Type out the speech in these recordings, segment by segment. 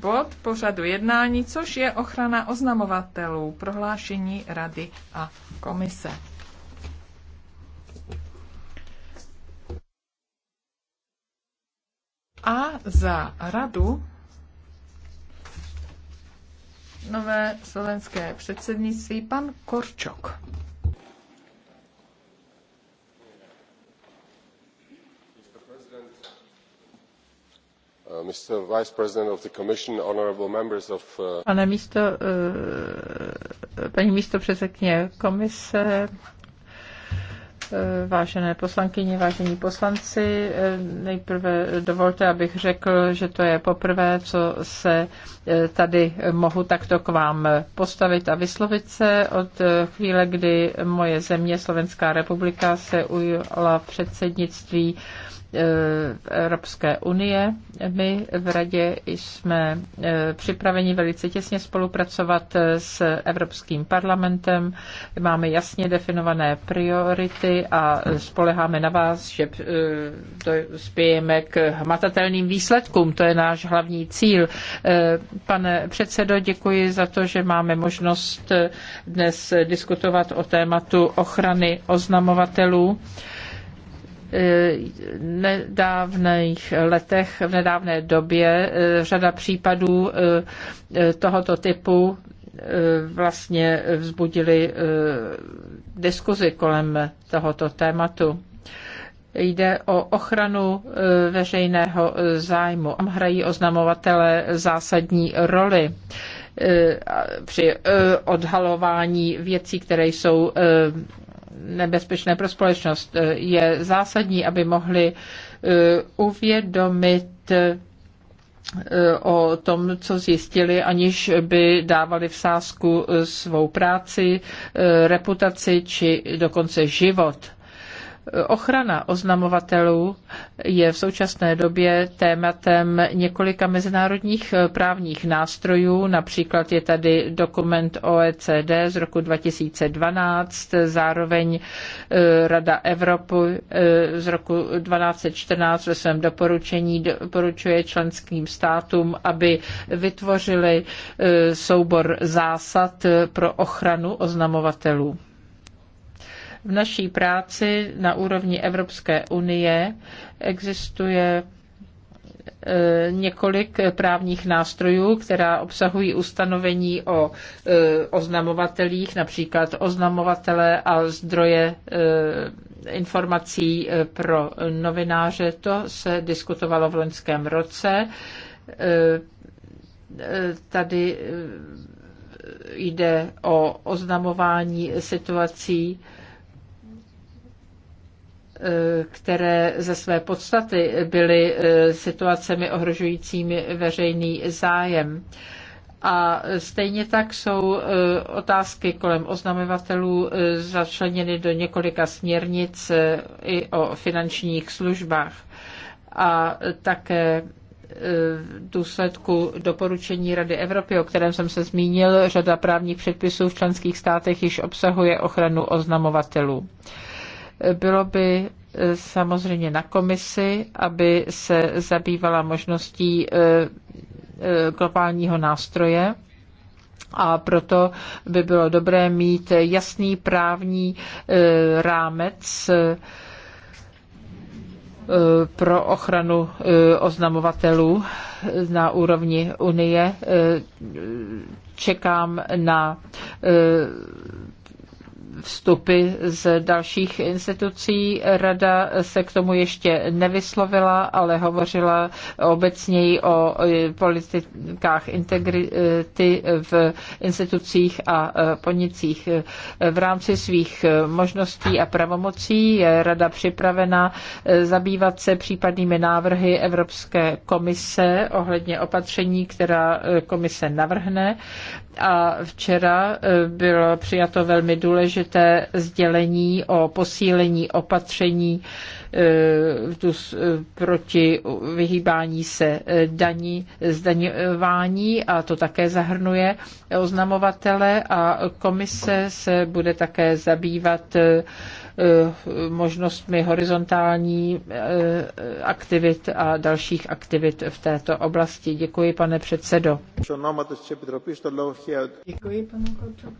bod pořadu jednání, což je ochrana oznamovatelů, prohlášení Rady a komise. A za radu nové slovenské předsednictví pan Korčok. Pane paní místopředsedkyně komise, uh, vážené poslankyně, vážení poslanci, uh, nejprve dovolte, abych řekl, že to je poprvé, co se uh, tady mohu takto k vám postavit a vyslovit se od chvíle, kdy moje země, Slovenská republika, se ujala předsednictví Eh, Evropské unie. My v Radě jsme eh, připraveni velice těsně spolupracovat eh, s Evropským parlamentem. Máme jasně definované priority a spoleháme na vás, že spějeme k hmatatelným výsledkům. To je náš hlavní cíl. Pane předsedo, děkuji za to, že máme možnost dnes diskutovat o tématu ochrany oznamovatelů nedávných letech, v nedávné době eh, řada případů eh, tohoto typu eh, vlastně vzbudili diskuzi kolem tohoto tématu. Jde o ochranu veřejného zájmu. Tam hrají oznamovatele zásadní roli při odhalování věcí, které jsou nebezpečné pro společnost. Je zásadní, aby mohli eh, uvědomit eh, o tom, co zjistili, aniž by dávali v sázku eh, svou práci, reputaci či dokonce život. Ochrana oznamovatelů je v současné době tématem několika mezinárodních eh, právních nástrojů. Například je tady dokument OECD z roku 2012, zároveň eh, Rada Evropy eh, z roku 1214 ve svém doporučení doporučuje členským státům, aby vytvořili soubor zásad pro ochranu oznamovatelů. V naší práci na úrovni Evropské unie existuje e, několik právních nástrojů, která obsahují ustanovení o e, oznamovatelích, například oznamovatele a zdroje e, informací pro novináře. To se diskutovalo v loňském roce. Tady jde o oznamování situací které ze své podstaty byly eh, situacemi ohrožujícími veřejný zájem. A stejně tak jsou eh, otázky kolem oznamovatelů eh, začleněny do několika směrnic i o finančních službách. A také v důsledku doporučení Rady Evropy, o kterém jsem se zmínil, řada právních předpisů v členských státech již obsahuje ochranu oznamovatelů. Bylo by eh, samozřejmě na komisi, aby se zabývala možností eh, eh, globálního nástroje a proto by bylo dobré mít jasný právní rámec pro ochranu oznamovatelů na úrovni Unie. Čekám na vstupy z dalších institucí. Rada se k tomu ještě nevyslovila, ale hovořila obecněji o e, politikách integrity v institucích a e, podnicích. V rámci svých možností a pravomocí je Rada připravena e, zabývat se případnými návrhy Evropské komise ohledně opatření, která komise navrhne a včera e, bylo přijato velmi důležité sdělení o posílení opatření e, e, proti vyhýbání se daní, zdaňování a to také zahrnuje oznamovatele a komise se bude také zabývat Eh, možnostmi horizontální eh, aktivit a dalších aktivit v této oblasti. Děkuji, pane předsedo. Děkuji, panu Korčakovi.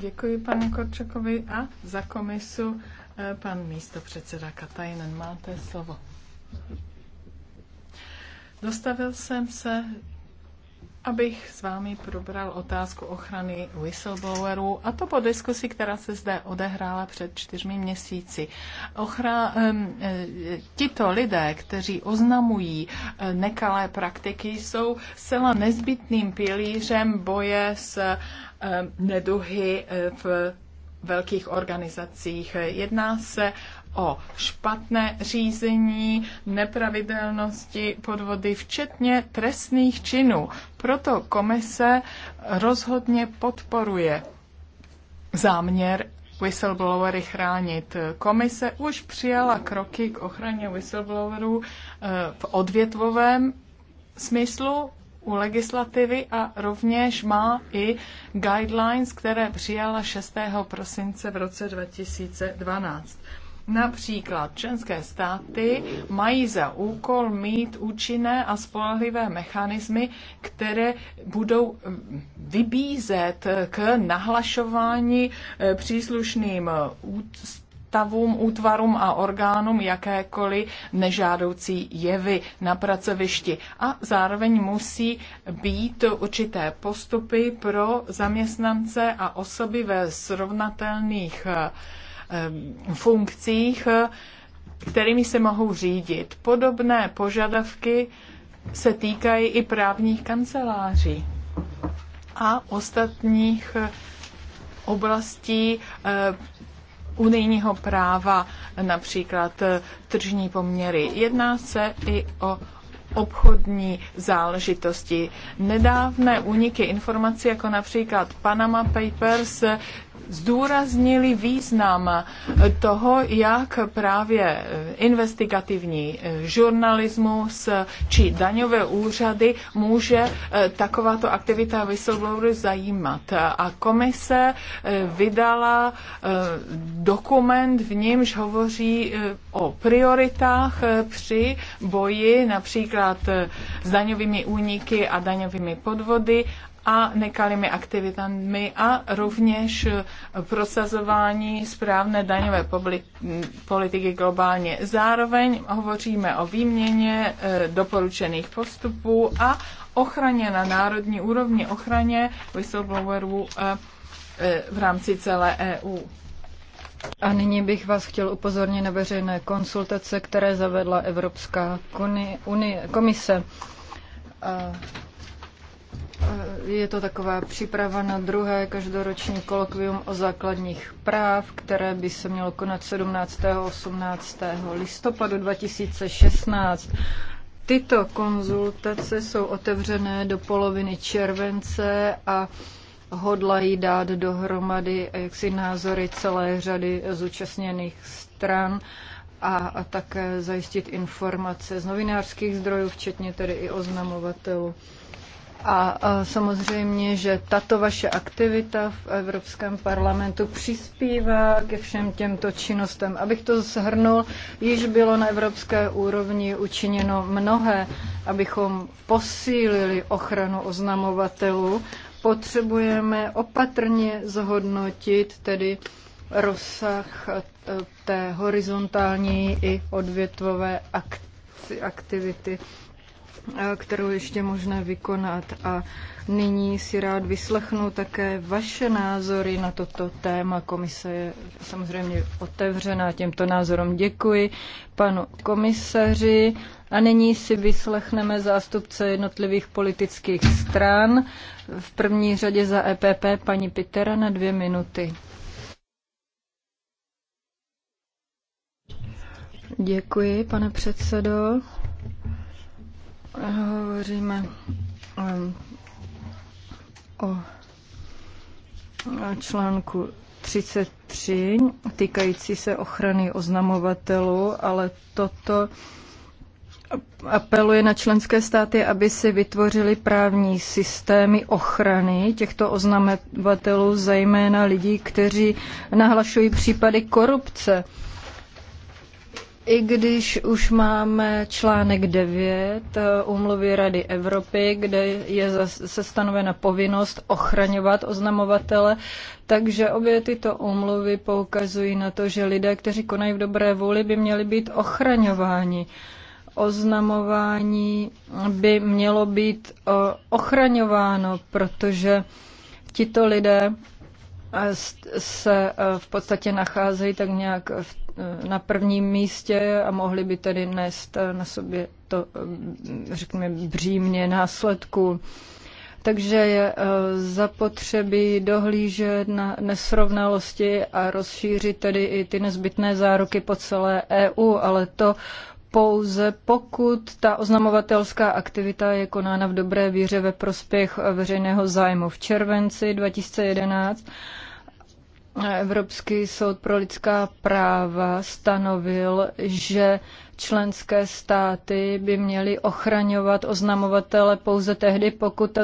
Děkuji, panu Korčakovi. A za komisu eh, pan místo předseda Katajnen. Máte slovo. Dostavil jsem se abych s vámi probral otázku ochrany whistleblowerů, a to po diskusi, která se zde odehrála před čtyřmi měsíci. Ochra, e, tito lidé, kteří oznamují e, nekalé praktiky, jsou zcela nezbytným pilířem boje s e, neduhy v velkých organizacích. Jedná se o špatné řízení, nepravidelnosti, podvody, včetně trestných činů. Proto komise rozhodně podporuje záměr whistleblowery chránit. Komise už přijala kroky k ochraně whistleblowerů eh, v odvětvovém smyslu u legislativy a rovněž má i guidelines, které přijala 6. prosince v roce 2012. Například členské státy mají za úkol mít účinné a spolehlivé mechanismy, které budou mm, vybízet k nahlašování eh, příslušným ústavům, útvarům a orgánům jakékoliv nežádoucí jevy na pracovišti. A zároveň musí být určité postupy pro zaměstnance a osoby ve srovnatelných eh, Eh, funkcích, eh, kterými se mohou řídit. Podobné požadavky se týkají i právních kanceláří a ostatních eh, oblastí unijního práva, například tržní poměry. Jedná se i o obchodní záležitosti. Nedávné úniky informací, jako například Panama Papers, zdůraznili význam toho, jak právě investigativní žurnalismus či daňové úřady může eh, takováto aktivita whistleblowery zajímat. A komise eh, vydala eh, dokument, v němž hovoří o prioritách při boji například s daňovými úniky a daňovými podvody a nekalými aktivitami a rovněž prosazování správné daňové politiky globálně. Zároveň hovoříme o výměně e, doporučených postupů a ochraně na národní úrovni, ochraně whistleblowerů e, e, v rámci celé EU. A nyní bych vás chtěl upozornit na veřejné konsultace, které zavedla Evropská unie, komise. Eh, je to taková příprava na druhé každoroční kolokvium o základních práv, které by se mělo konat 17. a 18. listopadu 2016. Tyto konzultace jsou otevřené do poloviny července a hodlají dát dohromady eh, jaksi názory celé řady zúčastněných stran a, a také zajistit informace z novinářských zdrojů, včetně tedy i oznamovatelů. A samozřejmě, že tato vaše aktivita v Evropském parlamentu přispívá ke všem těmto činnostem. Abych to shrnul, již bylo na evropské úrovni učiněno mnohé, abychom posílili ochranu oznamovatelů. Potřebujeme opatrně zhodnotit tedy rozsah e, té horizontální i odvětvové aktivity Eh, kterou ještě možné vykonat. A nyní si rád vyslechnu také vaše názory na toto téma. Komise je samozřejmě otevřená těmto názorům. Děkuji panu komisaři. A nyní si vyslechneme zástupce jednotlivých politických stran. V první řadě za EPP paní Pitera na dvě minuty. Děkuji, pane předsedo. Hovoříme um, o článku 33 týkající se ochrany oznamovatelů, ale toto apeluje na členské státy, aby si vytvořili právní systémy ochrany těchto oznamovatelů, zejména lidí, kteří nahlašují případy korupce. I když už máme článek 9 eh, úmluvy Rady Evropy, kde je se stanovena povinnost ochraňovat oznamovatele, takže obě tyto úmluvy poukazují na to, že lidé, kteří konají v dobré vůli, by měli být ochraňováni oznamování by mělo být eh, ochraňováno, protože tito lidé eh, se v podstatě nacházejí tak nějak v Eh, na prvním místě a mohli by tedy nést eh, na sobě to, eh, řekněme, břímně následku. Takže je zapotřebí dohlížet na nesrovnalosti a rozšířit tedy i ty nezbytné záruky po celé EU, ale to pouze pokud ta oznamovatelská aktivita je konána v dobré víře ve prospěch veřejného zájmu. V červenci 2011 Evropský soud pro lidská práva stanovil, že členské státy by měly ochraňovat oznamovatele pouze tehdy, pokud ta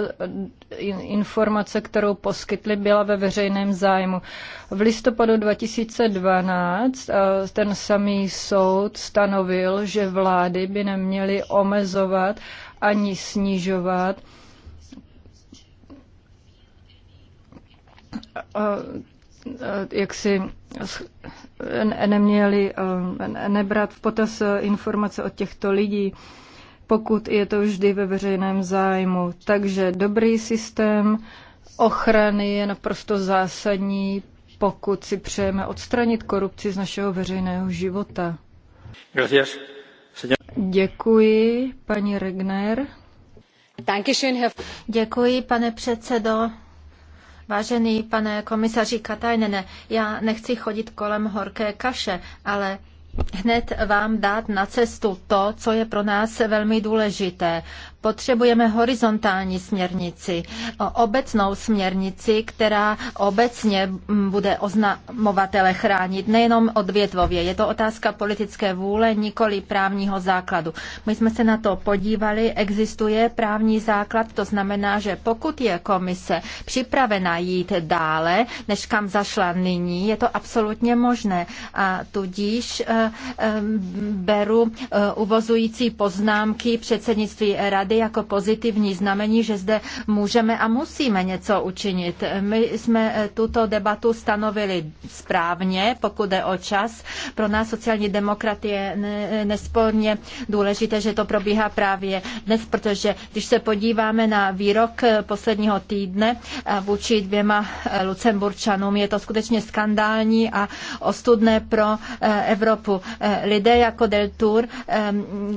informace, kterou poskytli, byla ve veřejném zájmu. V listopadu 2012 ten samý soud stanovil, že vlády by neměly omezovat ani snižovat Eh, jak si eh, neměli eh, nebrat v potaz informace od těchto lidí, pokud je to vždy ve veřejném zájmu. Takže dobrý systém ochrany je naprosto zásadní, pokud si přejeme odstranit korupci z našeho veřejného života. Děkuji, paní Regner. Děkuji, pane předsedo. Vážený pane komisaři Katajnene, já nechci chodit kolem horké kaše, ale hned vám dát na cestu to, co je pro nás velmi důležité. Potřebujeme horizontální směrnici, obecnou směrnici, která obecně mm, bude oznamovatele chránit nejenom odvětvově. Je to otázka politické vůle, nikoli právního základu. My jsme se na to podívali, existuje právní základ, to znamená, že pokud je komise připravena jít dále, než kam zašla nyní, je to absolutně možné. A tudíž eh, eh, beru eh, uvozující poznámky předsednictví rady tady jako pozitivní znamení, že zde můžeme a musíme něco učinit. My jsme eh, tuto debatu stanovili správně, pokud jde o čas. Pro nás sociální demokratie je nesporně důležité, že to probíhá právě dnes, protože když se podíváme na výrok eh, posledního týdne eh, vůči dvěma Lucemburčanům, je to skutečně skandální a ostudné pro Evropu. Lidé jako Del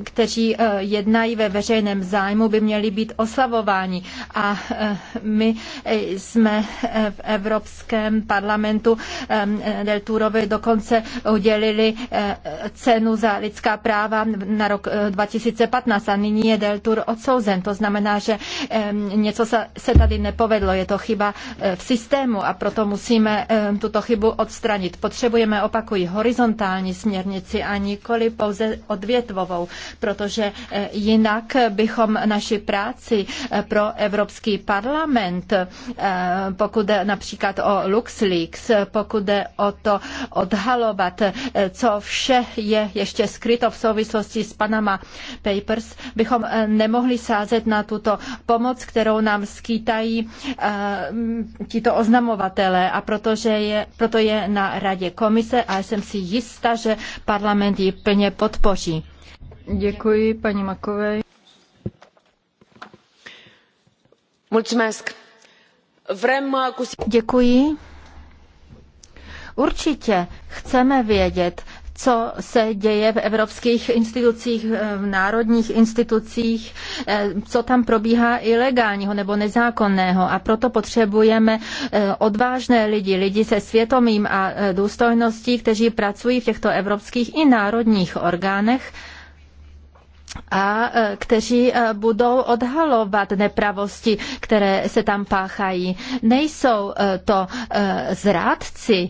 kteří jednají ve veřejném zájmu, zájmu by měli být oslavováni. A eh, my eh, jsme eh, v Evropském parlamentu Del Turovi dokonce udělili cenu za lidská práva na rok 2015 a nyní je Del Tur odsouzen. To znamená, že něco se tady nepovedlo. Je to chyba v systému a proto musíme tuto chybu odstranit. Potřebujeme, opakují, horizontální směrnici a nikoli pouze odvětvovou, protože jinak bychom abychom naši práci eh, pro Evropský parlament, eh, pokud jde například o LuxLeaks, eh, pokud jde o to odhalovat, co vše je ještě skryto v souvislosti s Panama Papers, bychom nemohli sázet na tuto pomoc, kterou nám skýtají tito oznamovatelé a protože je, proto je na radě komise a jsem si jistá, že parlament ji plně podpoří. Děkuji paní Makovej. Uh, Děkuji. Určitě chceme vědět, co se děje v evropských institucích, eh, v národních institucích, eh, co tam probíhá ilegálního nebo nezákonného. A proto potřebujeme eh, odvážné lidi, lidi se svědomím a důstojností, kteří pracují v těchto evropských i národních orgánech a e, kteří e, budou odhalovat nepravosti, které se tam páchají. Nejsou e, to zrádci,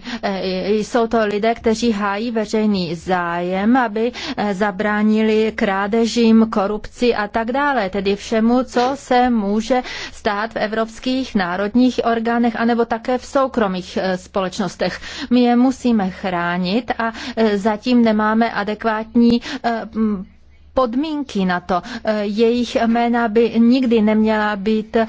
jsou to lidé, kteří hájí veřejný zájem, aby zabránili krádežím, korupci a tak dále, tedy všemu, co se může stát v evropských národních orgánech anebo také v soukromých společnostech. My je musíme chránit a zatím nemáme adekvátní podmínky na to. Eh, jejich jména by nikdy neměla být eh,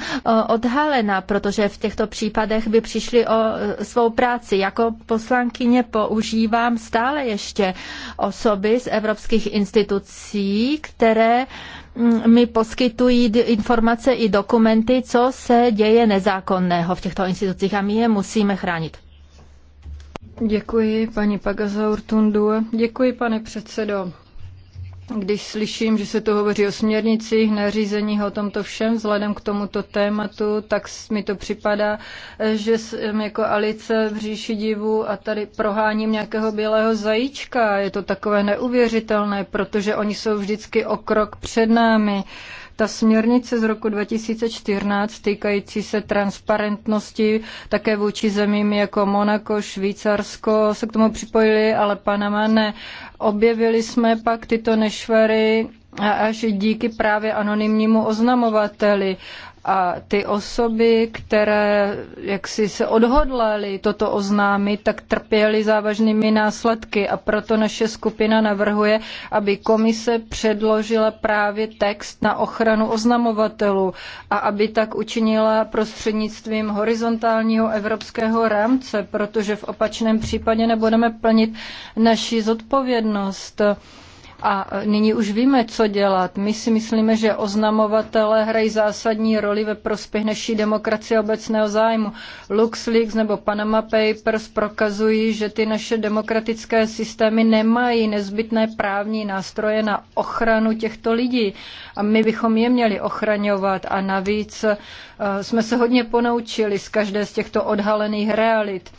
odhalena, protože v těchto případech by přišli o eh, svou práci. Jako poslankyně používám stále ještě osoby z evropských institucí, které mm, mi poskytují informace i dokumenty, co se děje nezákonného v těchto institucích a my je musíme chránit. Děkuji, paní Pagazaur Tundu. Děkuji, pane předsedo když slyším, že se tu hovoří o směrnicích, nařízeních, o tomto všem, vzhledem k tomuto tématu, tak mi to připadá, že jsem jako Alice v říši divu a tady proháním nějakého bílého zajíčka. Je to takové neuvěřitelné, protože oni jsou vždycky o krok před námi. Uh, ta směrnice z roku 2014 týkající se transparentnosti také vůči zemím jako Monako, Švýcarsko se k tomu připojili, ale Panama ne. Objevili jsme pak tyto nešvary až díky právě anonymnímu oznamovateli. A ty osoby, které jaksi se odhodlaly toto oznámit, tak trpěly závažnými následky a proto naše skupina navrhuje, aby komise předložila právě text na ochranu oznamovatelů a aby tak učinila prostřednictvím horizontálního evropského rámce, protože v opačném případě nebudeme plnit naši zodpovědnost. A nyní už víme, co dělat. My si myslíme, že oznamovatelé hrají zásadní roli ve prospěch naší demokracie obecného zájmu. LuxLeaks nebo Panama Papers prokazují, že ty naše demokratické systémy nemají nezbytné právní nástroje na ochranu těchto lidí. A my bychom je měli ochraňovat. A navíc eh, jsme se hodně ponaučili z každé z těchto odhalených realit.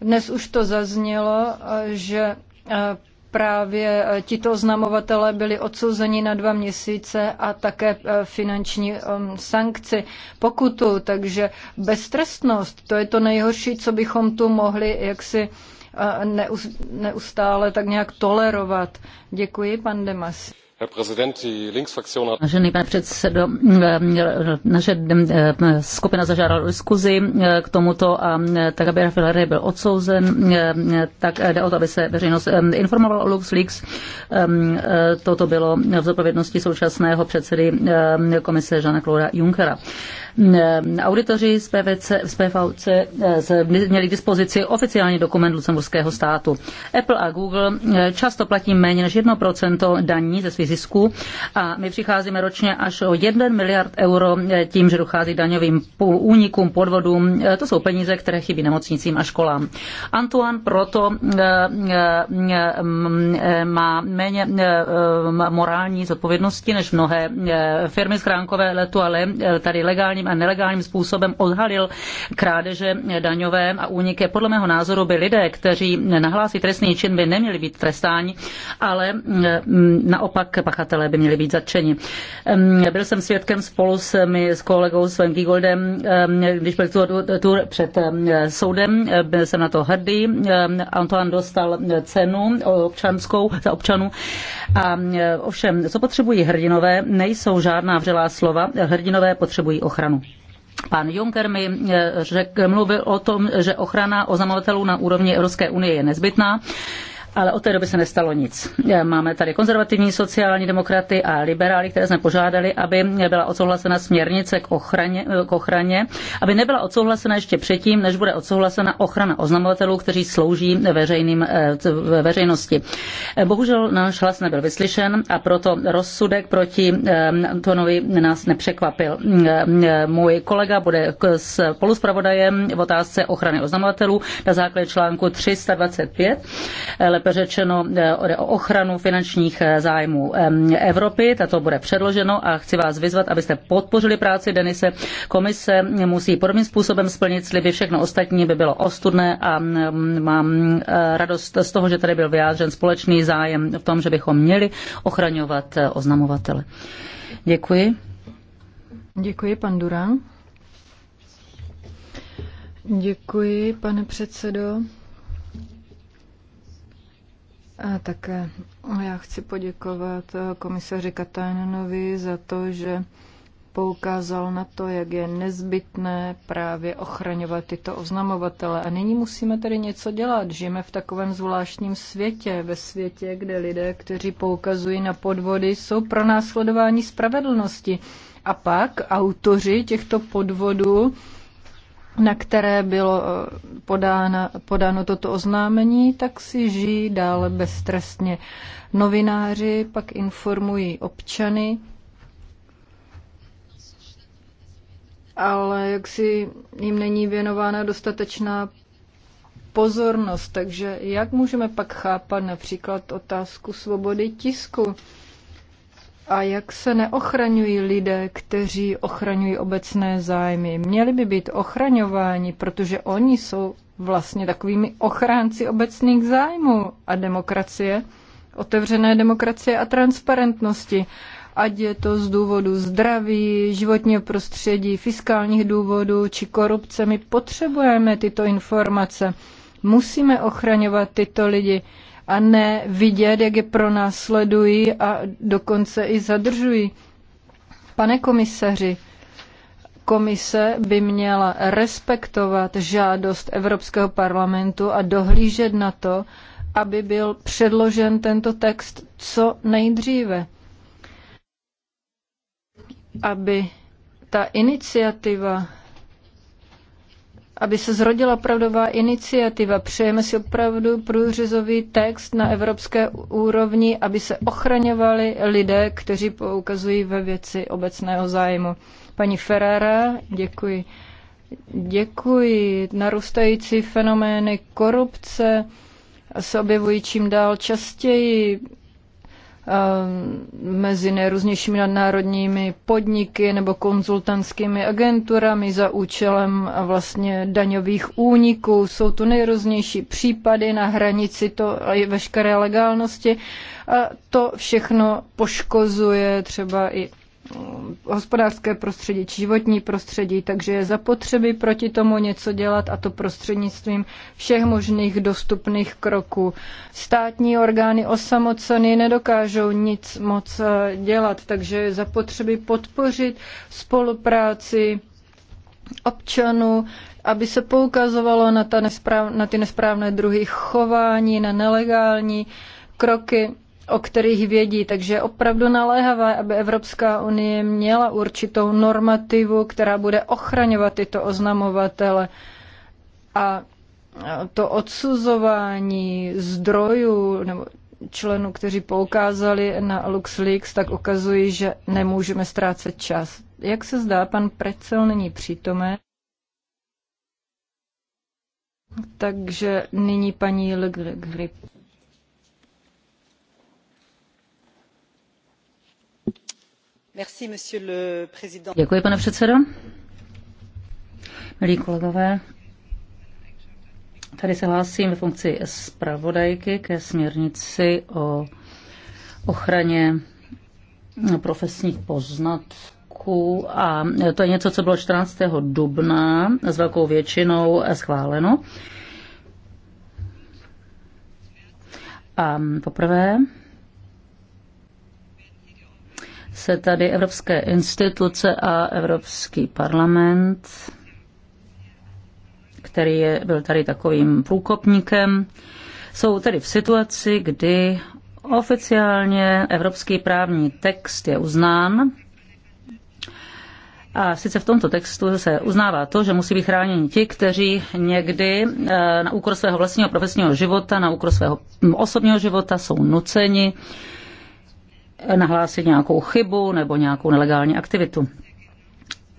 Dnes už to zaznělo, eh, že eh, právě e, tito oznamovatele byli odsouzeni na dva měsíce a také e, finanční e, sankci, pokutu. Takže beztrestnost, to je to nejhorší, co bychom tu mohli jaksi neustále tak nějak tolerovat. Děkuji, pan Demas. Vážený pane předsedo, eh, naše eh, skupina zažádala diskuzi eh, k tomuto a tak, aby Rafael Rey byl odsouzen, tak jde o to, aby se veřejnost informovala o LuxLeaks. Ehm, toto bylo v zodpovědnosti současného předsedy komise Žana Claude Junckera. Ehm, auditoři z, PVC, z PVC eh, měli k dispozici oficiální dokument lucemburského státu. Apple a Google eh, často platí méně než 1% daní ze svých zisků a my přicházíme ročně až o 1 miliard euro eh, tím, že dochází daňovým únikům, podvodům. To jsou peníze, které chybí nemocnicím a školám. Antoine proto mm, má méně morální zodpovědnosti než mnohé firmy schránkové letu, ale tady legálně legálním a nelegálním způsobem odhalil krádeže daňové a úniky. Podle mého názoru by lidé, kteří nahlásí trestný čin, by neměli být trestáni, ale mm, naopak pachatelé by měli být zatčeni. Byl jsem svědkem spolu s, my, s kolegou Sven Goldem, když byl tu tu, před soudem, byl jsem na to hrdý. Antoine dostal cenu občanskou za občanů. A ovšem, co potřebují hrdinové, nejsou žádná vřelá slova. Hrdinové potřebují ochranu ochranu. Pan Juncker mi e, řekl, mluvil o tom, že ochrana oznamovatelů na úrovni Evropské unie je nezbytná ale od té doby se nestalo nic. Máme tady konzervativní sociální demokraty a liberály, které jsme požádali, aby byla odsouhlasena směrnice k ochraně, k ochraně, aby nebyla odsouhlasena ještě předtím, než bude odsouhlasena ochrana oznamovatelů, kteří slouží veřejným, eh, veřejnosti. Eh, bohužel náš hlas nebyl vyslyšen a proto rozsudek proti eh, Antonovi nás nepřekvapil. Můj kolega bude spoluspravodajem v otázce ochrany oznamovatelů na základě článku 325 lépe řečeno o ochranu finančních eh, zájmů Evropy. Tato bude předloženo a chci vás vyzvat, abyste podpořili práci Denise. Komise musí podobným způsobem splnit sliby, všechno ostatní by bylo ostudné a mm, mám eh, radost z toho, že tady byl vyjádřen společný zájem v tom, že bychom měli ochraňovat eh, oznamovatele. Děkuji. Děkuji, pan Durán. Děkuji, pane předsedo. A také já chci poděkovat eh, komisaři Katajnenovi za to, že poukázal na to, jak je nezbytné právě ochraňovat tyto oznamovatele. A nyní musíme tedy něco dělat. Žijeme v takovém zvláštním světě, ve světě, kde lidé, kteří poukazují na podvody, jsou pro následování spravedlnosti. A pak autoři těchto podvodů na které bylo eh, podáno, podáno toto oznámení, tak si žijí dále beztrestně. Novináři pak informují občany, ale jak si jim není věnována dostatečná pozornost. Takže jak můžeme pak chápat například otázku svobody tisku? a jak se neochraňují lidé, kteří ochraňují obecné zájmy. Měli by být ochraňováni, protože oni jsou vlastně takovými ochránci obecných zájmů a demokracie, otevřené demokracie a transparentnosti. Ať je to z důvodu zdraví, životního prostředí, fiskálních důvodů či korupce, my potřebujeme tyto informace. Musíme ochraňovat tyto lidi a ne vidět, jak je pronásledují a dokonce i zadržují. Pane komisaři, komise by měla respektovat žádost Evropského parlamentu a dohlížet na to, aby byl předložen tento text co nejdříve. Aby ta iniciativa aby se zrodila opravdová iniciativa. Přejeme si opravdu průřezový text na evropské úrovni, aby se ochraňovali lidé, kteří poukazují ve věci obecného zájmu. Paní Ferrara, děkuji. Děkuji. Narůstající fenomény korupce se objevují čím dál častěji. Eh, mezi nejrůznějšími nadnárodními podniky nebo konzultantskými agenturami za účelem vlastně daňových úniků. Jsou tu nejrůznější případy na hranici to i veškeré legálnosti a to všechno poškozuje třeba i Eh, hospodářské prostředí, či životní prostředí, takže je zapotřebí proti tomu něco dělat a to prostřednictvím všech možných dostupných kroků. Státní orgány osamoceny nedokážou nic moc eh, dělat, takže je zapotřebí podpořit spolupráci občanů, aby se poukazovalo na, ta nespráv, na ty nesprávné druhy chování, na nelegální kroky o kterých vědí. Takže je opravdu naléhavé, aby Evropská unie měla určitou normativu, která bude ochraňovat tyto oznamovatele. A to odsuzování zdrojů nebo členů, kteří poukázali na LuxLeaks, tak ukazují, že nemůžeme ztrácet čas. Jak se zdá, pan Precel není přítomen. Takže nyní paní Le Grip. Děkuji, pane předsedo. Milí kolegové, tady se hlásím ve funkci zpravodajky ke směrnici o ochraně profesních poznatků a to je něco, co bylo 14. dubna s velkou většinou schváleno. A poprvé se tady evropské instituce a Evropský parlament, který je, byl tady takovým průkopníkem, jsou tedy v situaci, kdy oficiálně evropský právní text je uznán a sice v tomto textu se uznává to, že musí být chráněni ti, kteří někdy eh, na úkor svého vlastního profesního života, na úkor svého osobního života jsou nuceni nahlásit nějakou chybu nebo nějakou nelegální aktivitu.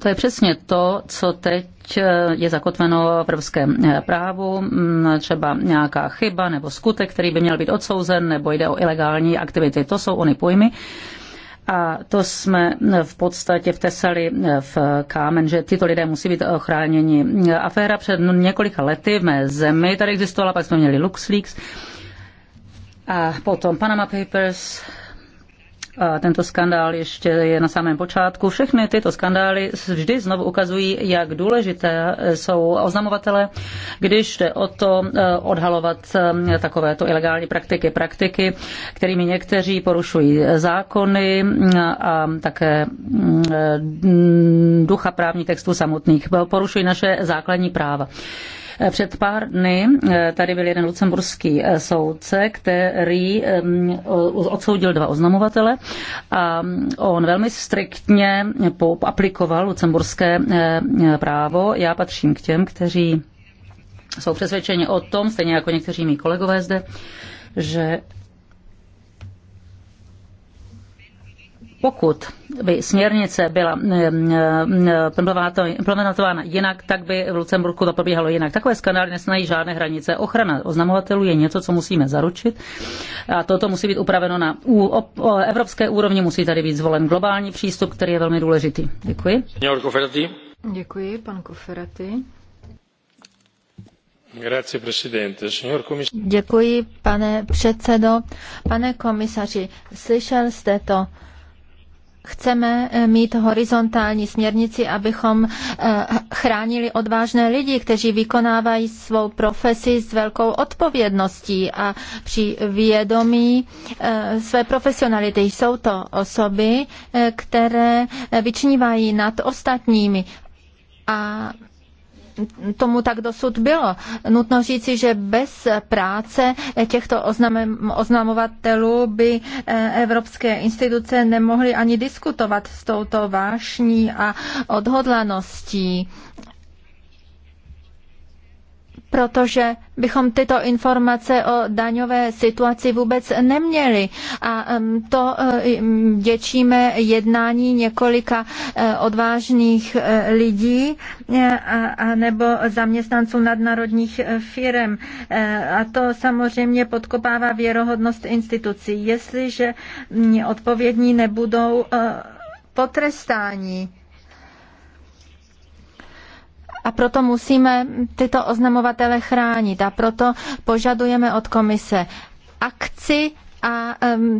To je přesně to, co teď eh, je zakotveno v evropském eh, právu, mm, třeba nějaká chyba nebo skutek, který by měl být odsouzen, nebo jde o ilegální aktivity. To jsou ony pojmy. A to jsme eh, v podstatě vtesali v kámen, že tyto lidé musí být ochráněni. Aféra před několika lety v mé zemi tady existovala, pak jsme měli LuxLeaks a potom Panama Papers a tento skandál ještě je na samém počátku. Všechny tyto skandály vždy znovu ukazují, jak důležité jsou oznamovatele, když jde o to e, odhalovat e, takovéto ilegální praktiky, praktiky, kterými někteří porušují zákony e, a také mm, ducha právní textu samotných, porušují naše základní práva. Před pár dny eh, tady byl jeden lucemburský eh, soudce, který eh, odsoudil dva oznamovatele a mm, on velmi striktně aplikoval lucemburské právo. Já patřím k těm, kteří jsou přesvědčeni o tom, stejně jako někteří mý kolegové zde, že pokud by směrnice byla eh, eh, implementována jinak, tak by v Lucemburku to probíhalo jinak. Takové skandály nesnají žádné hranice. Ochrana oznamovatelů je něco, co musíme zaručit. A toto musí být upraveno na evropské úrovni. Musí tady být zvolen globální přístup, který je velmi důležitý. Děkuji. Děkuji, pan Koferati. Děkuji, pane předsedo. Pane komisaři, slyšel jste to chceme eh, mít horizontální směrnici, abychom eh, chránili odvážné lidi, kteří vykonávají svou profesi s velkou odpovědností a při vědomí eh, své profesionality. Jsou to osoby, které vyčnívají nad ostatními a tomu tak dosud bylo. Nutno říci, že bez práce těchto oznamovatelů by e, evropské instituce nemohly ani diskutovat s touto vášní a odhodlaností protože bychom tyto informace o daňové situaci vůbec neměli. A to e, děčíme jednání několika e, odvážných e, lidí a nebo zaměstnanců nadnárodních firm. A to samozřejmě podkopává věrohodnost institucí. Jestliže odpovědní nebudou potrestání, a proto musíme tyto oznamovatele chránit a proto požadujeme od komise akci a um,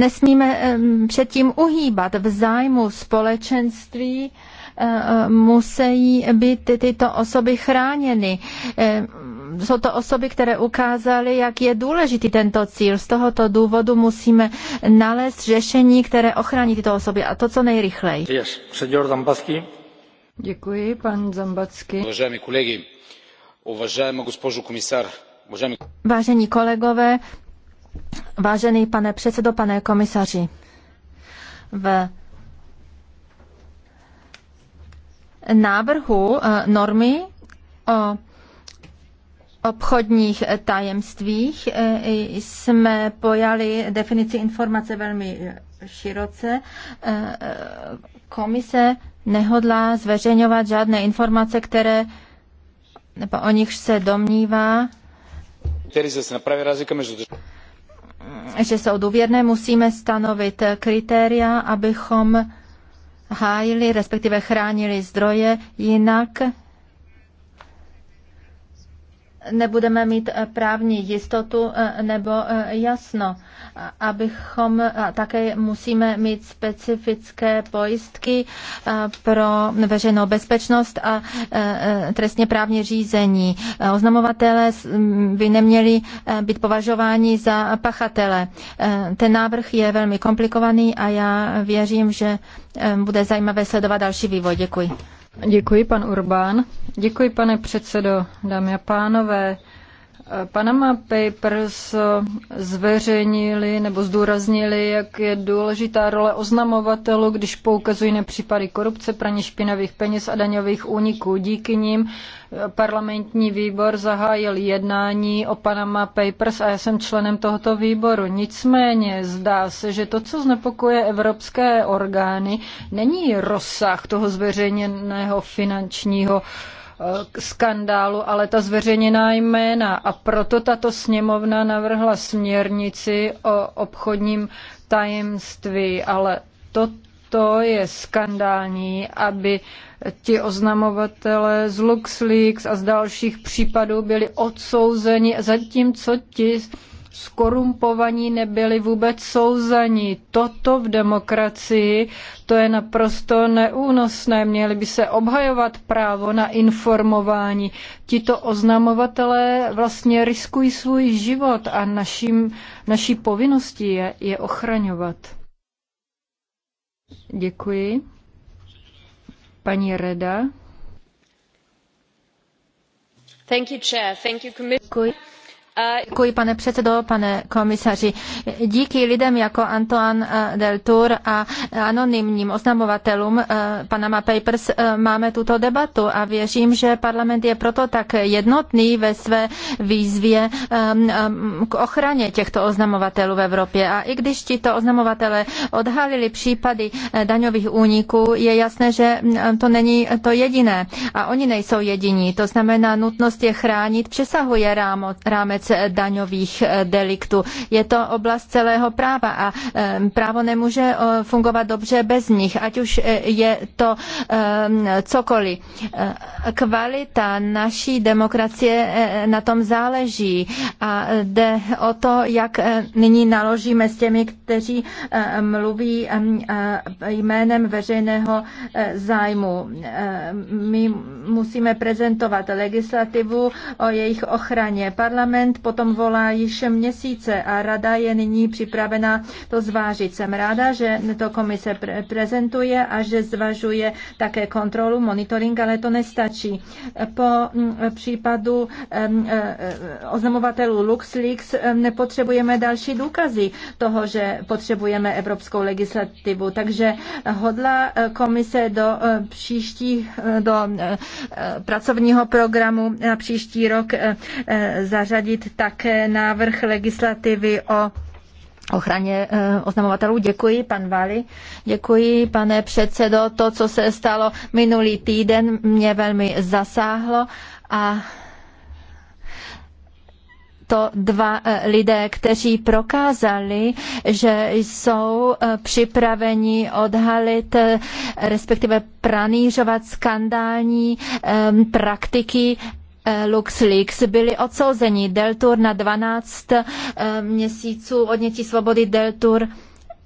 nesmíme um, předtím uhýbat. V zájmu společenství um, musí být tyto osoby chráněny. E, jsou to osoby, které ukázaly, jak je důležitý tento cíl. Z tohoto důvodu musíme nalézt řešení, které ochrání tyto osoby a to co nejrychleji. Yes, Děkuji, pan Zambacky. Uvažujeme kolegy, uvažujeme gospožu komisar, uvažujeme... Vážení kolegové, vážený pane předsedo, pane komisaři, v návrhu eh, normy o obchodních tajemstvích eh, jsme pojali definici informace velmi široce. Eh, komise nehodlá zveřejňovat žádné informace, které nebo o nichž se domnívá, že jsou důvěrné, musíme stanovit kritéria, abychom hájili, respektive chránili zdroje, jinak nebudeme mít právní jistotu eh, nebo eh, jasno abychom také musíme mít specifické pojistky pro veřejnou bezpečnost a trestně právní řízení. Oznamovatele by neměli být považováni za pachatele. Ten návrh je velmi komplikovaný a já věřím, že bude zajímavé sledovat další vývoj. Děkuji. Děkuji, pan Urbán. Děkuji, pane předsedo, dámy a pánové. Panama Papers zveřejnili nebo zdůraznili, jak je důležitá role oznamovatelů, když poukazují na případy korupce, praní špinavých peněz a daňových úniků. Díky nim parlamentní výbor zahájil jednání o Panama Papers a já jsem členem tohoto výboru. Nicméně zdá se, že to, co znepokuje evropské orgány, není rozsah toho zveřejněného finančního skandálu, ale ta zveřejněná jména. A proto tato sněmovna navrhla směrnici o obchodním tajemství, ale toto je skandální, aby ti oznamovatele z LuxLeaks a z dalších případů byli odsouzeni, zatímco ti skorumpovaní nebyli vůbec souzani. Toto v demokracii, to je naprosto neúnosné. Měli by se obhajovat právo na informování. Tito oznamovatelé vlastně riskují svůj život a naším, naší povinností je je ochraňovat. Děkuji. Paní Reda. Thank you, Chair. Thank you, Commissioner. Děkuji, pane předsedo, pane komisaři. Díky lidem jako Antoine eh, Del Tour a anonymním oznamovatelům eh, Panama Papers eh, máme tuto debatu a věřím, že parlament je proto tak jednotný ve své výzvě k ochraně těchto oznamovatelů v Evropě. A i když tito oznamovatele odhalili případy daňových úniků, je jasné, že to není to jediné. A oni nejsou jediní. To znamená, nutnost je chránit přesahuje rámec rámec daňových eh, deliktů. Je to oblast celého práva a eh, právo nemůže eh, fungovat dobře bez nich, ať už je to ehm, cokoliv. Kvalita naší demokracie na tom záleží a jde o to, jak nyní naložíme s těmi, kteří mluví ehm, jménem veřejného zájmu. My musíme prezentovat legislativu o jejich ochraně. Parlament Parlament potom volá již měsíce a Rada je nyní připravena to zvážit. Jsem ráda, že to komise pre- prezentuje a že zvažuje také kontrolu, monitoring, ale to nestačí. Po mm, případu e, e, oznamovatelů LuxLeaks nepotřebujeme další důkazy toho, že potřebujeme evropskou legislativu. Takže hodla e, komise do příští, do pracovního programu na příští rok zařadit podpořit také návrh legislativy o ochraně eh, oznamovatelů. Děkuji, pan Vali. Děkuji, pane předsedo. To, co se stalo minulý týden, mě velmi zasáhlo a to dva eh, lidé, kteří prokázali, že jsou eh, připraveni odhalit, respektive pranířovat skandální praktiky Eh, LuxLeaks byli odsouzeni Deltour na 12 eh, měsíců odnětí svobody Deltur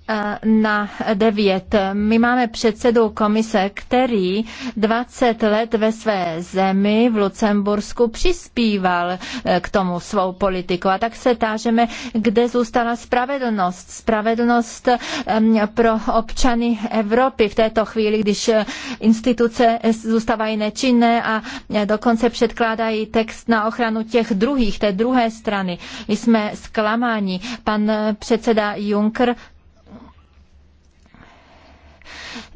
Eh, na 9. My máme předsedu komise, který 20 let ve své zemi v Lucembursku přispíval eh, k tomu svou politiku. A tak se tážeme, kde zůstala spravedlnost. Spravedlnost ehm, pro občany Evropy v této chvíli, když eh, instituce zůstávají nečinné a dokonce předkládají text na ochranu těch druhých, té druhé strany. Jsme zklamáni. Pan předseda Juncker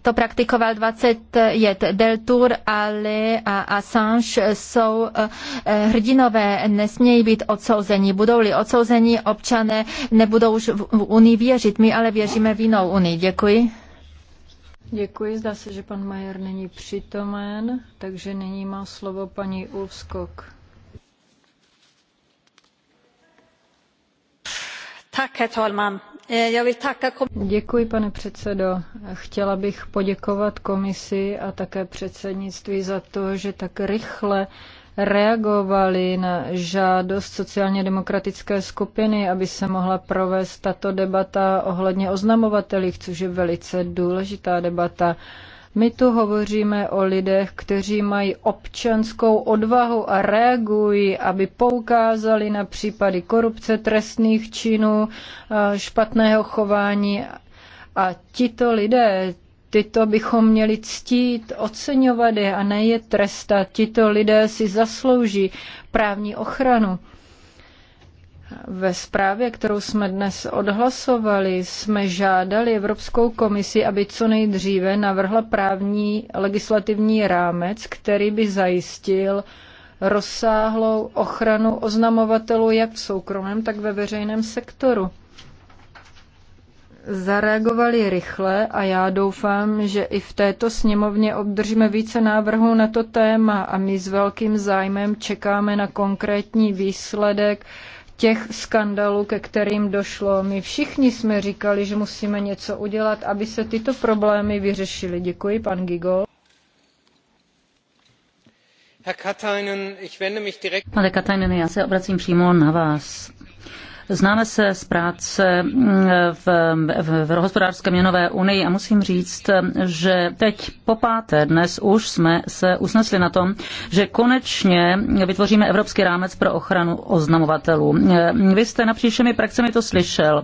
to praktikoval 20 let. Deltour, Ali a Assange jsou eh, hrdinové, nesmějí být odsouzeni. Budou-li odsouzeni, občané nebudou už v Unii věřit. My ale věříme v jinou Unii. Děkuji. Děkuji, zdá se, že pan Majer není přítomen, takže nyní má slovo paní Ulskok. Eh, Děkuji, pane předsedo. Chtěla bych poděkovat komisi a také předsednictví za to, že tak rychle reagovali na žádost sociálně demokratické skupiny, aby se mohla provést tato debata ohledně oznamovatelů což je velice důležitá debata. My tu hovoříme o lidech, kteří mají občanskou odvahu a reagují, aby poukázali na případy korupce, trestných činů, eh, špatného chování. A tito lidé, tyto bychom měli ctít, oceňovat je a ne je trestat. Tito lidé si zaslouží právní ochranu. Ve zprávě, kterou jsme dnes odhlasovali, jsme žádali Evropskou komisi, aby co nejdříve navrhla právní legislativní rámec, který by zajistil rozsáhlou ochranu oznamovatelů jak v soukromém, tak ve veřejném sektoru. Zareagovali rychle a já doufám, že i v této sněmovně obdržíme více návrhů na to téma a my s velkým zájmem čekáme na konkrétní výsledek těch skandalů, ke kterým došlo. My všichni jsme říkali, že musíme něco udělat, aby se tyto problémy vyřešily. Děkuji, pan Gigol. Pane Katajnen, já se obracím přímo na vás. Známe se z práce mm, v, v, v hospodářské měnové unii a musím říct, že teď po páté dnes už jsme se usnesli na tom, že konečně vytvoříme evropský rámec pro ochranu oznamovatelů. Vy jste napříč všemi praxemi to slyšel,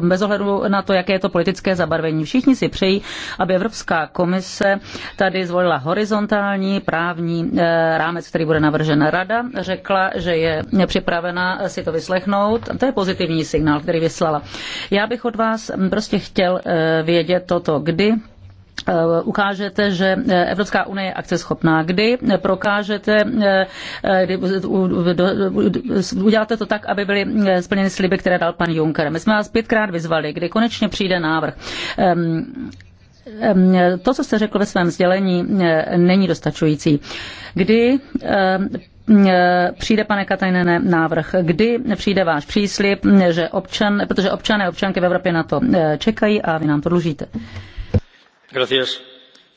bez ohledu na to, jaké je to politické zabarvení. Všichni si přejí, aby Evropská komise tady zvolila horizontální právní eh, rámec, který bude navržen rada. Řekla, že je připravena si to vyslechnout. To je pozitivní signál, který vyslala. Já bych od vás mm, prostě chtěl eh, vědět toto, kdy eh, ukážete, že eh, Evropská unie je akceschopná. Kdy prokážete, kdy uděláte to tak, aby byly splněny sliby, které dal pan Juncker. My jsme vás pětkrát vyzvali, kdy konečně přijde návrh. Ehm, ehm, to, co jste řekl ve svém sdělení, není dostačující. Kdy ehm, Mm, eh, přijde, pane Katajnene, návrh? Kdy přijde váš příslip, že občan, protože občané a občanky v Evropě na to eh, čekají a vy nám to dlužíte? Gracias.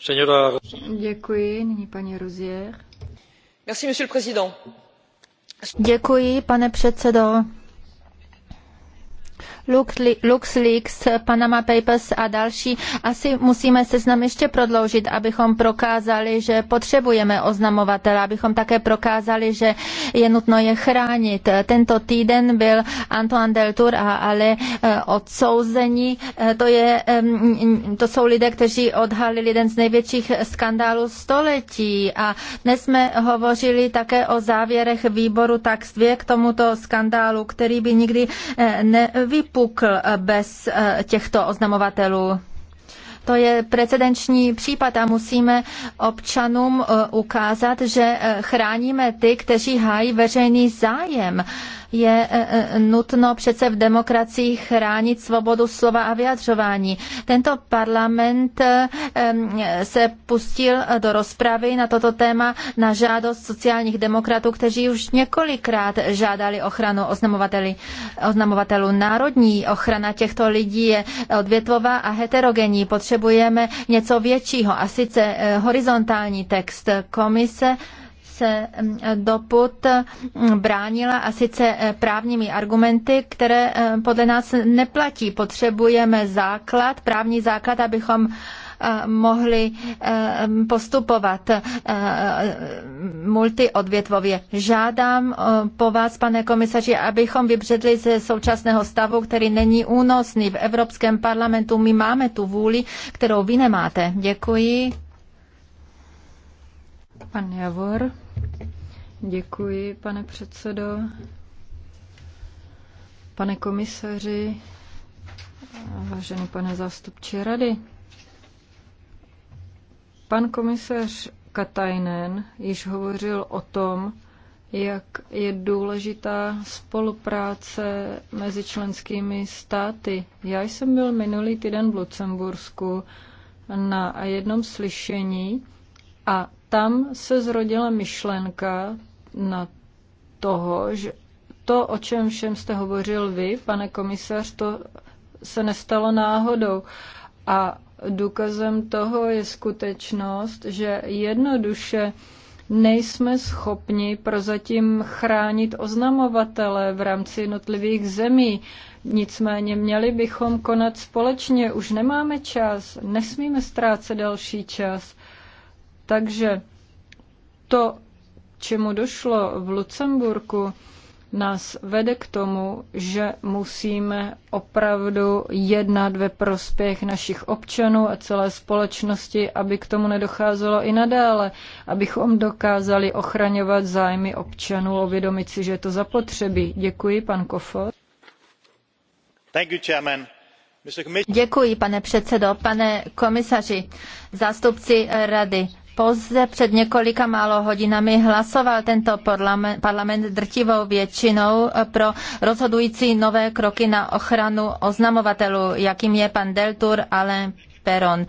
Senora... Děkuji. Nyní paní Rozier. Merci, monsieur le président. Děkuji, pane předsedo. LuxLeaks, Panama Papers a další, asi musíme seznam ještě prodloužit, abychom prokázali, že potřebujeme oznamovatele, abychom také prokázali, že je nutno je chránit. Tento týden byl Antoine Deltour a ale eh, odsouzení. Eh, to, je, to jsou lidé, kteří odhalili jeden z největších skandálů století a dnes jsme hovořili také o závěrech výboru tak k tomuto skandálu, který by nikdy eh, nevypustil pukl eh, bez eh, těchto oznamovatelů. To je precedenční případ a musíme občanům eh, ukázat, že chráníme ty, kteří hájí veřejný zájem je e, e, nutno přece v demokracii chránit svobodu slova a vyjadřování. Tento parlament e, se pustil do rozpravy na toto téma na žádost sociálních demokratů, kteří už několikrát žádali ochranu oznamovatelů. Národní ochrana těchto lidí je odvětvová a heterogenní. Potřebujeme něco většího a sice horizontální text komise se mm, doput mm, bránila a sice eh, právními argumenty, které eh, podle nás neplatí. Potřebujeme základ, právní základ, abychom eh, mohli postupovat multiodvětvově. Žádám po vás, pane komisaři, abychom vybředli ze současného stavu, který není únosný. V Evropském parlamentu my máme tu vůli, kterou vy nemáte. Děkuji. Pan Javor. Děkuji, pane předsedo. Pane komisaři, vážený pane zástupče rady. Pan komisař Katajnen již hovořil o tom, jak je důležitá spolupráce mezi členskými státy. Já jsem byl minulý týden v Lucembursku na jednom slyšení a tam se zrodila myšlenka na toho, že to, o čem všem jste hovořil vy, pane komisař, to se nestalo náhodou. A důkazem toho je skutečnost, že jednoduše nejsme schopni prozatím chránit oznamovatele v rámci jednotlivých zemí. Nicméně měli bychom konat společně. Už nemáme čas, nesmíme ztrácet další čas. Takže to, čemu došlo v Lucemburku, nás vede k tomu, že musíme opravdu jednat ve prospěch našich občanů a celé společnosti, aby k tomu nedocházelo i nadále, abychom dokázali ochraňovat zájmy občanů, uvědomit si, že je to zapotřebí. Děkuji, pan Kofod. Thank you, chairman. Děkuji, pane předsedo, pane komisaři, zástupci rady. Pozdě před několika málo hodinami hlasoval tento parlament, parlament drtivou většinou pro rozhodující nové kroky na ochranu oznamovatelů, jakým je pan Deltur, ale Peron.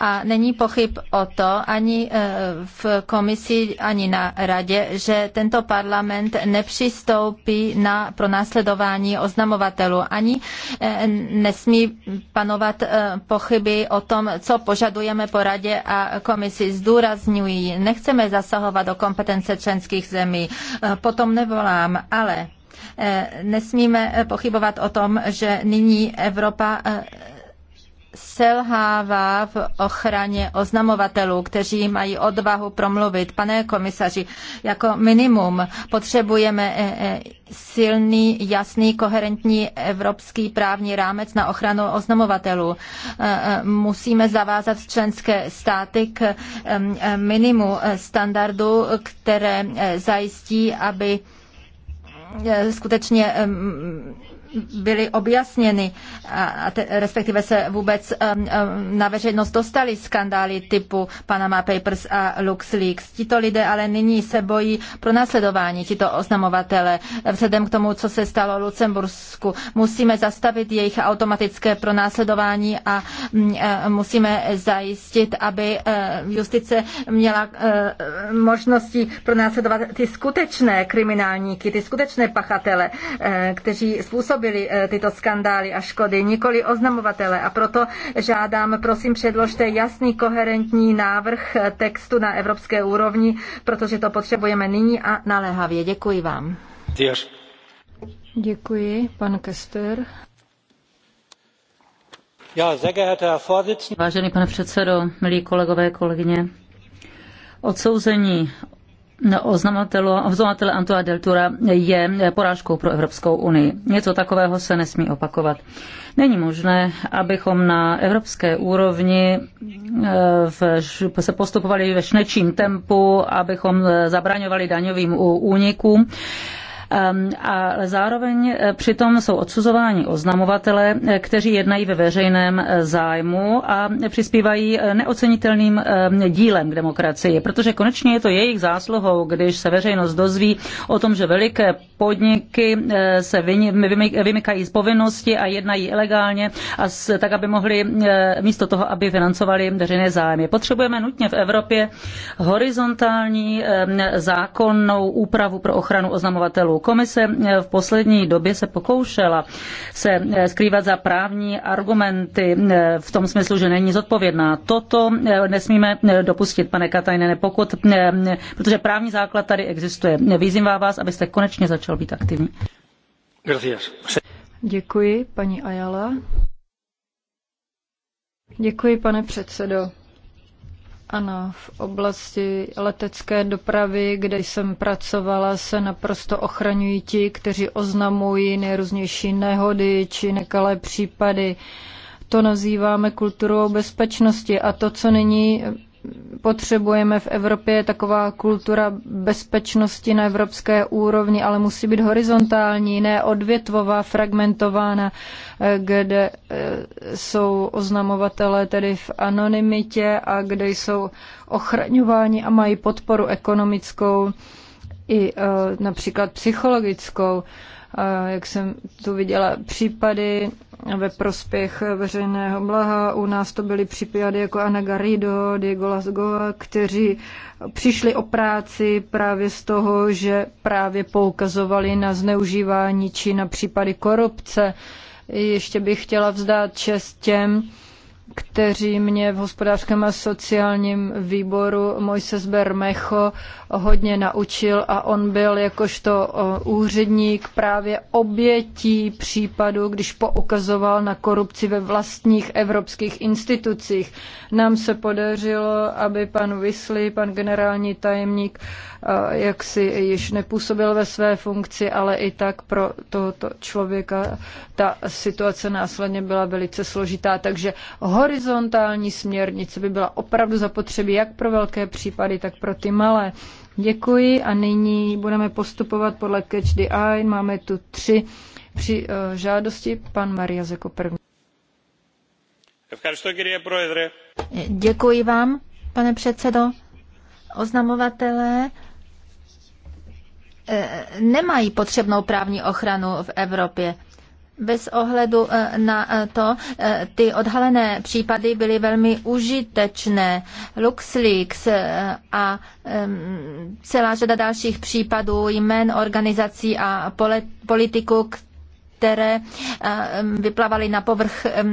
A není pochyb o to ani eh, v komisi, ani na radě, že tento parlament nepřistoupí na pronásledování oznamovatelů. Ani eh, nesmí panovat eh, pochyby o tom, co požadujeme po radě a komisi. Zdůrazňují, nechceme zasahovat do kompetence členských zemí. Potom nevolám, ale nesmíme pochybovat o tom, že nyní Evropa selhává v ochraně oznamovatelů, kteří mají odvahu promluvit. Pane komisaři, jako minimum potřebujeme e, e, silný, jasný, koherentní evropský právní rámec na ochranu oznamovatelů. E, musíme zavázat členské státy k minimu standardu, které zajistí, aby skutečně byly objasněny, respektive se vůbec um, um, na veřejnost dostaly skandály typu Panama Papers a LuxLeaks. Tito lidé ale nyní se bojí pro následování, tito oznamovatele, vzhledem k tomu, co se stalo Lucembursku. Musíme zastavit jejich automatické pronásledování a mm, musíme zajistit, aby e, justice měla e, možnosti pronásledovat ty skutečné kriminálníky, ty skutečné pachatele, e, kteří způsobili způsobili eh, tyto skandály a škody, nikoli oznamovatele. A proto žádám, prosím, předložte jasný, koherentní návrh eh, textu na evropské úrovni, protože to potřebujeme nyní a naléhavě. Děkuji vám. Děkuji, Děkuji pan Kester. Vážený pane předsedo, milí kolegové, kolegyně, odsouzení oznamatele Antoa Deltura je porážkou pro Evropskou unii. Něco takového se nesmí opakovat. Není možné, abychom na evropské úrovni eh, v, se postupovali ve šnečím tempu, abychom eh, zabraňovali daňovým únikům Ehm, a zároveň eh, přitom jsou odsuzováni oznamovatele, eh, kteří jednají ve veřejném eh, zájmu a přispívají neocenitelným ehm, dílem k demokracii, protože konečně je to jejich zásluhou, když se veřejnost dozví o tom, že veliké podniky se vymykají z povinnosti a jednají ilegálně, a tak, aby mohli místo toho, aby financovali veřejné zájmy. Potřebujeme nutně v Evropě horizontální ehm, zákonnou úpravu pro ochranu oznamovatelů, Komise eh, v poslední době se pokoušela se eh, skrývat za právní argumenty eh, v tom smyslu, že není zodpovědná. Toto nesmíme dopustit, pane Katajnene, pokud, protože právní základ tady existuje. Vyzývám vás, abyste konečně začal být aktivní. Děkuji, paní Ayala. Děkuji, pane předsedo. Ano, v oblasti letecké dopravy, kde jsem pracovala, se naprosto ochraňují ti, kteří oznamují nejrůznější nehody či nekalé případy. To nazýváme kulturou bezpečnosti a to, co není potřebujeme v Evropě taková kultura bezpečnosti na evropské úrovni, ale musí být horizontální, ne odvětvová, fragmentována, eh, kde eh, jsou oznamovatelé tedy v anonymitě a kde jsou ochraňováni a mají podporu ekonomickou i eh, například psychologickou. Jak jsem tu viděla případy ve prospěch veřejného blaha. U nás to byly případy jako Ana Garrido, Diego Lasgoa, kteří přišli o práci právě z toho, že právě poukazovali na zneužívání či na případy korupce. Ještě bych chtěla vzdát čest těm, kteří mě v hospodářském a sociálním výboru Mojses Bermecho hodně naučil a on byl jakožto úředník právě obětí případu, když poukazoval na korupci ve vlastních evropských institucích. Nám se podařilo, aby pan Visly, pan generální tajemník, Eh, jak si již nepůsobil ve své funkci, ale i tak pro tohoto člověka ta situace následně byla velice složitá. Takže horizontální směrnice by byla opravdu zapotřebí jak pro velké případy, tak pro ty malé. Děkuji a nyní budeme postupovat podle Catch the Eye. Máme tu tři při uh, eh, žádosti. Pan Maria jako první. Děkuji vám, pane předsedo. Oznamovatelé E, nemají potřebnou právní ochranu v Evropě. Bez ohledu e, na e, to, ty odhalené případy byly velmi užitečné. LuxLeaks a celá řada dalších případů jmén organizací a politiků, které eh, vyplavaly na povrch eh,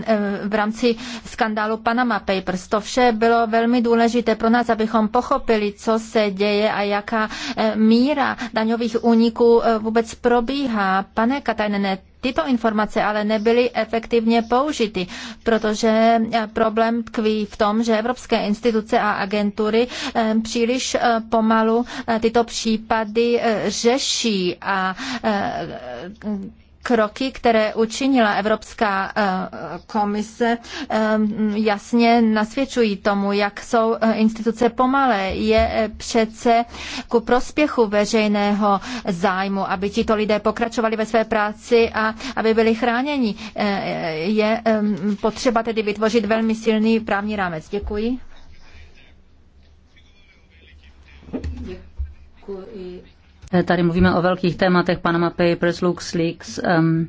v rámci skandálu Panama Papers. To vše bylo velmi důležité pro nás, abychom pochopili, co se děje a jaká eh, míra daňových úniků vůbec probíhá. Pane Katajnene, Tyto informace ale nebyly efektivně použity, protože problém tkví v tom, že evropské instituce a agentury příliš pomalu tyto případy řeší a kroky, které učinila Evropská eh, komise, eh, jasně nasvědčují tomu, jak jsou eh, instituce pomalé. Je přece ku prospěchu veřejného zájmu, aby tito lidé pokračovali ve své práci a aby byli chráněni. Je potřeba tedy vytvořit velmi silný právní rámec. Děkuji. Děkuji. Tady mluvíme o velkých tématech Panama Papers, LuxLeaks, um,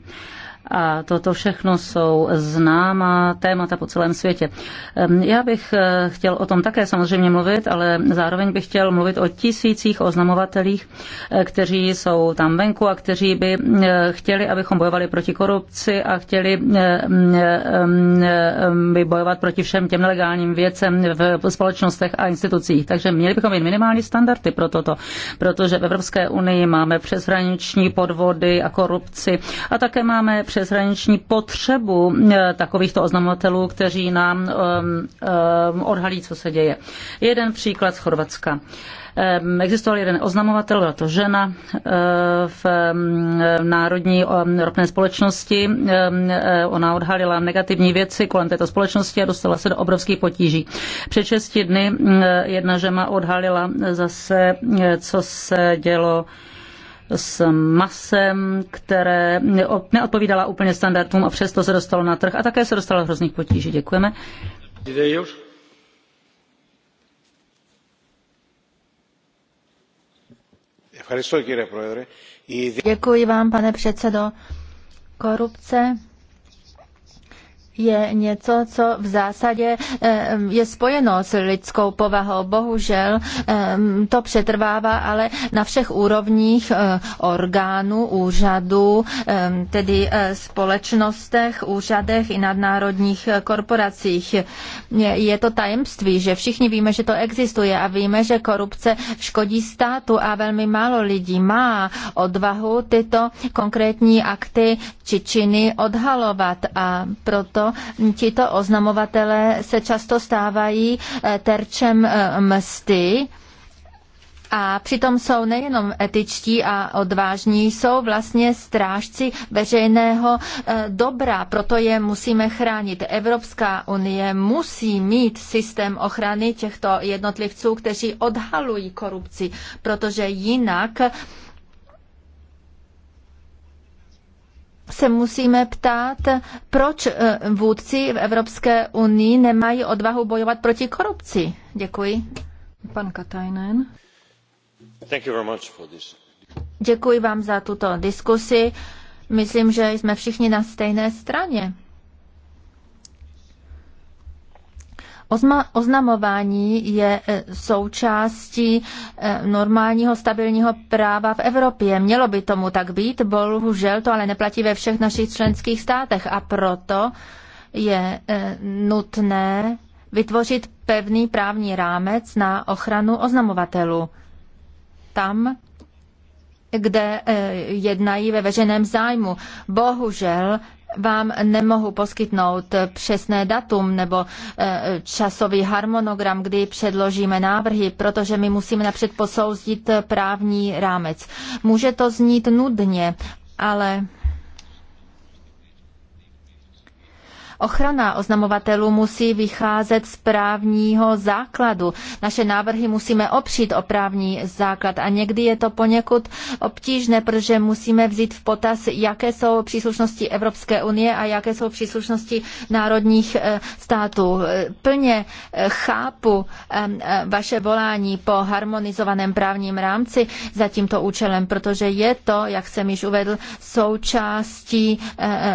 a toto všechno jsou známá témata po celém světě. Já bych eh, chtěl o tom také samozřejmě mluvit, ale zároveň bych chtěl mluvit o tisících oznamovatelích, eh, kteří jsou tam venku a kteří by eh, chtěli, abychom bojovali proti korupci a chtěli by mm, mm, bojovat proti všem těm nelegálním věcem v společnostech a institucích. Takže měli bychom mít minimální standardy pro toto, protože v Evropské unii máme přeshraniční podvody a korupci a také máme přes přeshraniční potřebu eh, takovýchto oznamovatelů, kteří nám eh, eh, odhalí, co se děje. Jeden příklad z Chorvatska. Existoval jeden oznamovatel, byla to žena v Národní ropné společnosti. Ona odhalila negativní věci kolem této společnosti a dostala se do obrovských potíží. Před šesti dny jedna žena odhalila zase, co se dělo s masem, které neodpovídala úplně standardům a přesto se dostalo na trh a také se dostalo hrozných potíží. Děkujeme. Děkuji vám, pane předsedo. Korupce je něco, co v zásadě eh, je spojeno s lidskou povahou. Bohužel eh, to přetrvává ale na všech úrovních eh, orgánů, úřadů, tedy společnostech, úřadech i nadnárodních korporacích. Je to tajemství, že všichni víme, že to existuje a víme, že korupce škodí státu a velmi málo lidí má odvahu tyto konkrétní akty či činy odhalovat a proto proto tito oznamovatele se často stávají eh, terčem eh, msty. A přitom jsou nejenom etičtí a odvážní, jsou vlastně strážci veřejného eh, dobra, proto je musíme chránit. Evropská unie musí mít systém ochrany těchto jednotlivců, kteří odhalují korupci, protože jinak se musíme ptát, proč eh, vůdci v Evropské unii nemají odvahu bojovat proti korupci. Děkuji. Pan Katajnen. Thank you very much for this. Děkuji vám za tuto diskusi. Myslím, že jsme všichni na stejné straně. Ozma, oznamování je e, součástí e, normálního stabilního práva v Evropě. Mělo by tomu tak být, bohužel to ale neplatí ve všech našich členských státech a proto je e, nutné vytvořit pevný právní rámec na ochranu oznamovatelů. Tam, kde jednají ve veřejném zájmu. Bohužel vám nemohu poskytnout přesné datum nebo eh, časový harmonogram, kdy předložíme návrhy, protože my musíme napřed posoudit právní rámec. Může to znít nudně, ale Ochrana oznamovatelů musí vycházet z právního základu. Naše návrhy musíme opřít o právní základ a někdy je to poněkud obtížné, protože musíme vzít v potaz, jaké jsou příslušnosti Evropské unie a jaké jsou příslušnosti národních eh, států. Plně eh, chápu eh, vaše volání po harmonizovaném právním rámci za tímto účelem, protože je to, jak jsem již uvedl, součástí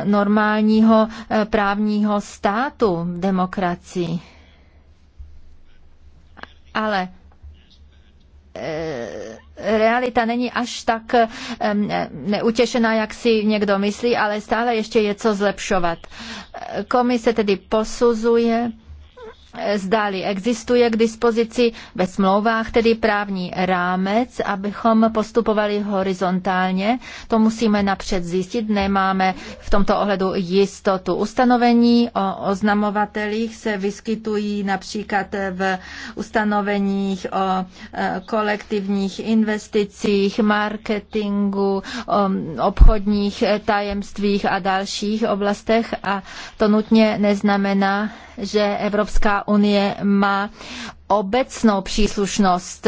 normálního právního právního státu v demokracii. Ale e, realita není až tak e, neutěšená, jak si někdo myslí, ale stále ještě je co zlepšovat. E, komise tedy posuzuje zdali existuje k dispozici ve smlouvách tedy právní rámec, abychom postupovali horizontálně. To musíme napřed zjistit, nemáme v tomto ohledu jistotu. Ustanovení o oznamovatelích se vyskytují například v ustanoveních o e, kolektivních investicích, marketingu, obchodních tajemstvích a dalších oblastech a to nutně neznamená, že Evropská unie má obecnou příslušnost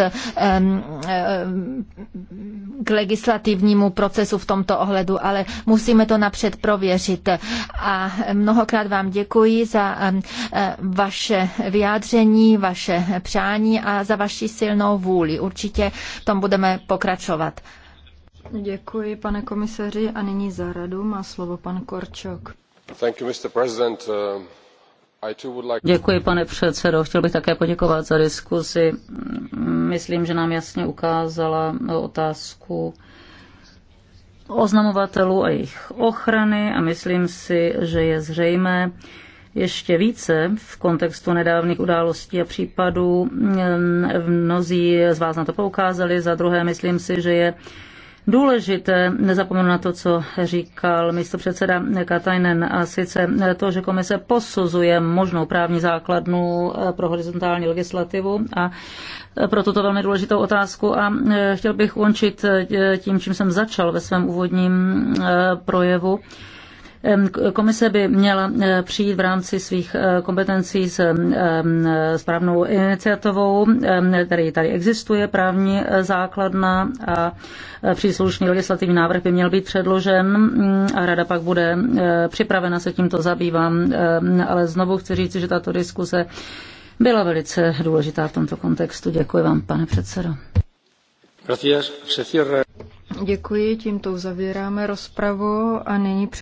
k legislativnímu procesu v tomto ohledu, ale musíme to napřed prověřit. A mnohokrát vám děkuji za vaše vyjádření, vaše přání a za vaši silnou vůli. Určitě v tom budeme pokračovat. Děkuji, pane komisaři. A nyní za radu má slovo pan Korčok. Thank you, Mr. President. Uh, Děkuji, pane předsedo. Chtěl bych také poděkovat za diskusi. Myslím, že nám jasně ukázala otázku oznamovatelů a jejich ochrany a myslím si, že je zřejmé ještě více v kontextu nedávných událostí a případů. Mnozí z vás na to poukázali. Za druhé, myslím si, že je důležité, nezapomenu na to, co říkal místo předseda Katajnen, a sice to, že komise posuzuje možnou právní základnu eh, pro horizontální legislativu a eh, pro tuto velmi důležitou otázku a eh, chtěl bych ukončit tím, čím jsem začal ve svém úvodním projevu. Komise by měla eh, přijít v rámci svých eh, kompetencí s správnou iniciativou, který tady existuje právní eh, základna a příslušný legislativní návrh by měl být předložen mm, a rada pak bude připravena se tímto zabývám, ale znovu chci říct, že tato diskuse byla velice důležitá v tomto kontextu. Děkuji vám, pane předsedo. Děkuji, tímto uzavíráme rozpravu a nyní